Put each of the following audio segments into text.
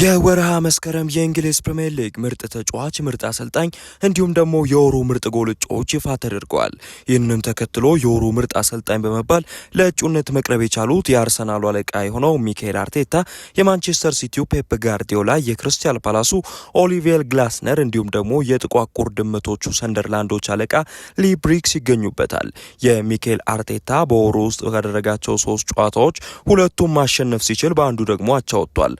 የወርሃ መስከረም የእንግሊዝ ፕሪምየር ሊግ ምርጥ ተጫዋች፣ ምርጥ አሰልጣኝ እንዲሁም ደግሞ የወሩ ምርጥ ጎል እጩዎች ይፋ ተደርገዋል። ይህንን ተከትሎ የወሩ ምርጥ አሰልጣኝ በመባል ለእጩነት መቅረብ የቻሉት የአርሰናሉ አለቃ የሆነው ሚካኤል አርቴታ፣ የማንቸስተር ሲቲው ፔፕ ጋርዲዮላ፣ የክርስቲያል ፓላሱ ኦሊቬል ግላስነር እንዲሁም ደግሞ የጥቋቁር ድመቶቹ ሰንደርላንዶች አለቃ ሊብሪክስ ይገኙበታል። የሚካኤል አርቴታ በወሩ ውስጥ ካደረጋቸው ሶስት ጨዋታዎች ሁለቱም ማሸነፍ ሲችል፣ በአንዱ ደግሞ አቻ ወጥቷል።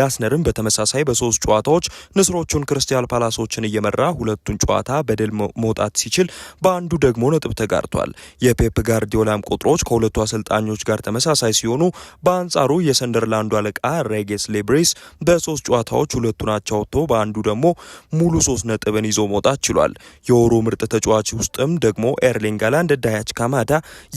ግላስነርም በተመሳሳይ በሶስት ጨዋታዎች ንስሮቹን ክርስቲያል ፓላሶችን እየመራ ሁለቱን ጨዋታ በድል መውጣት ሲችል በአንዱ ደግሞ ነጥብ ተጋርቷል። የፔፕ ጋርዲዮላም ቁጥሮች ከሁለቱ አሰልጣኞች ጋር ተመሳሳይ ሲሆኑ፣ በአንጻሩ የሰንደርላንዱ አለቃ ሬጌስ ሌብሬስ በሶስት ጨዋታዎች ሁለቱን አቻ ወጥቶ በአንዱ ደግሞ ሙሉ ሶስት ነጥብን ይዞ መውጣት ችሏል። የወሩ ምርጥ ተጫዋች ውስጥም ደግሞ ኤርሊንግ ሃላንድ፣ ዳያች ካማዳ፣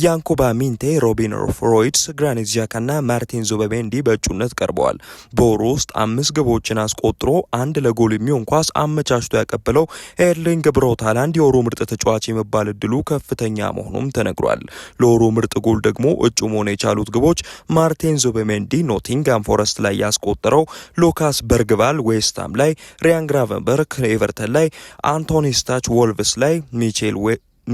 ያንኮባ ሚንቴ፣ ሮቢን ሮይድስ፣ ግራኒት ዣካ ማርቲን ዙበሜንዲ በእጩነት ቀርበዋል። በወሩ ሶስት አምስት ግቦችን አስቆጥሮ አንድ ለጎል የሚሆን ኳስ አመቻችቶ ያቀበለው ኤርሊንግ ብሮታላንድ ሃላንድ የወሩ ምርጥ ተጫዋች የመባል እድሉ ከፍተኛ መሆኑም ተነግሯል። ለወሩ ምርጥ ጎል ደግሞ እጩ መሆን የቻሉት ግቦች ማርቲን ዙቤሜንዲ ኖቲንጋም ፎረስት ላይ ያስቆጠረው፣ ሉካስ በርግቫል ዌስትሃም ላይ፣ ሪያን ግራቨንበርክ ኤቨርተን ላይ፣ አንቶኒ ስታች ወልቭስ ላይ፣ ሚቼል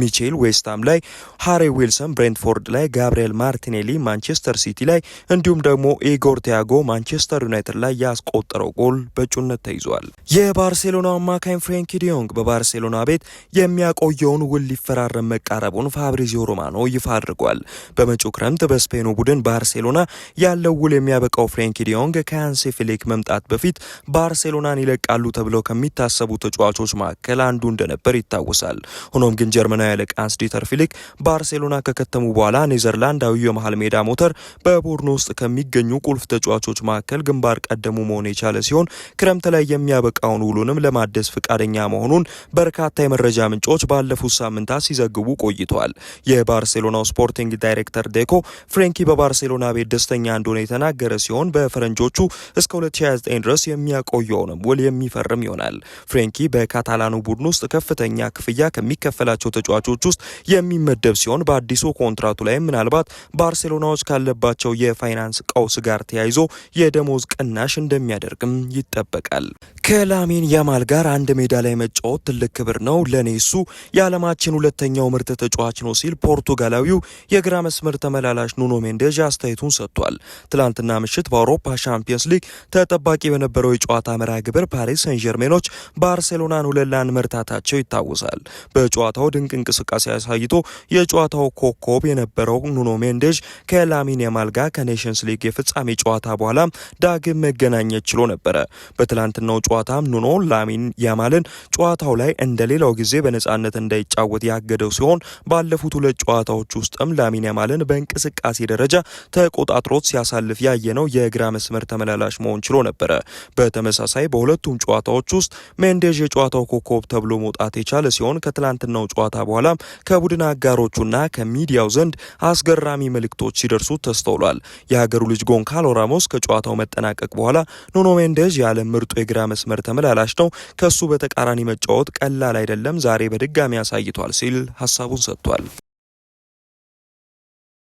ሚቼል ዌስትሃም ላይ፣ ሃሪ ዊልሰን ብሬንትፎርድ ላይ፣ ጋብርኤል ማርቲኔሊ ማንቸስተር ሲቲ ላይ እንዲሁም ደግሞ ኢጎር ቲያጎ ማንቸስተር ዩናይትድ ላይ ያስቆጠረው ጎል በእጩነት ተይዟል። የባርሴሎና አማካኝ ፍሬንኪ ዲዮንግ በባርሴሎና ቤት የሚያቆየውን ውል ሊፈራረም መቃረቡን ፋብሪዚዮ ሮማኖ ይፋ አድርጓል። በመጪው ክረምት በስፔኑ ቡድን ባርሴሎና ያለው ውል የሚያበቃው ፍሬንኪ ዲዮንግ ከያንሴ ፍሊክ መምጣት በፊት ባርሴሎናን ይለቃሉ ተብለው ከሚታሰቡ ተጫዋቾች መካከል አንዱ እንደነበር ይታወሳል። ሆኖም ግን ጀርመን ጀርመናዊ አለቃ ዲተር ፊሊክ ባርሴሎና ከከተሙ በኋላ ኔዘርላንዳዊ የመሃል ሜዳ ሞተር በቡድኑ ውስጥ ከሚገኙ ቁልፍ ተጫዋቾች መካከል ግንባር ቀደሙ መሆን የቻለ ሲሆን ክረምት ላይ የሚያበቃውን ውሉንም ለማደስ ፈቃደኛ መሆኑን በርካታ የመረጃ ምንጮች ባለፉት ሳምንታት ሲዘግቡ ቆይተዋል። የባርሴሎናው ስፖርቲንግ ዳይሬክተር ዴኮ ፍሬንኪ በባርሴሎና ቤት ደስተኛ እንደሆነ የተናገረ ሲሆን በፈረንጆቹ እስከ 2029 ድረስ የሚያቆየውንም ውል የሚፈርም ይሆናል። ፍሬንኪ በካታላኑ ቡድን ውስጥ ከፍተኛ ክፍያ ከሚከፈላቸው ተጫዋቾች ውስጥ የሚመደብ ሲሆን በአዲሱ ኮንትራቱ ላይ ምናልባት ባርሴሎናዎች ካለባቸው የፋይናንስ ቀውስ ጋር ተያይዞ የደሞዝ ቅናሽ እንደሚያደርግም ይጠበቃል። ከላሚን ያማል ጋር አንድ ሜዳ ላይ መጫወት ትልቅ ክብር ነው። ለኔ እሱ የዓለማችን ሁለተኛው ምርጥ ተጫዋች ነው ሲል ፖርቱጋላዊው የግራ መስመር ተመላላሽ ኑኖ ሜንዴዥ አስተያየቱን ሰጥቷል። ትላንትና ምሽት በአውሮፓ ሻምፒየንስ ሊግ ተጠባቂ በነበረው የጨዋታ መርሃ ግብር ፓሪስ ሰን ጀርሜኖች ባርሴሎናን ሁለት ለአንድ መርታታቸው ይታወሳል። በጨዋታው ድንቅ እንቅስቃሴ አሳይቶ የጨዋታው ኮከብ የነበረው ኑኖ ሜንዴዥ ከላሚን ያማል ጋር ከኔሽንስ ሊግ የፍጻሜ ጨዋታ በኋላ ዳግም መገናኘት ችሎ ነበረ። በትላንትናው ጨዋታ ኑኖ ላሚን ያማልን ጨዋታው ላይ እንደ ሌላው ጊዜ በነጻነት እንዳይጫወት ያገደው ሲሆን ባለፉት ሁለት ጨዋታዎች ውስጥም ላሚን ያማልን በእንቅስቃሴ ደረጃ ተቆጣጥሮት ሲያሳልፍ ያየነው የግራ መስመር ተመላላሽ መሆን ችሎ ነበረ። በተመሳሳይ በሁለቱም ጨዋታዎች ውስጥ ሜንዴዥ የጨዋታው ኮከብ ተብሎ መውጣት የቻለ ሲሆን ከትላንትናው ጨዋታ በኋላም ከቡድን አጋሮቹና ከሚዲያው ዘንድ አስገራሚ መልእክቶች ሲደርሱ ተስተውሏል። የሀገሩ ልጅ ጎንካሎ ራሞስ ከጨዋታው መጠናቀቅ በኋላ ኑኖ ሜንዴዥ የዓለም ምርጡ የግራ መስመር መስመር ተመላላሽ ነው። ከሱ በተቃራኒ መጫወት ቀላል አይደለም። ዛሬ በድጋሚ አሳይቷል ሲል ሀሳቡን ሰጥቷል።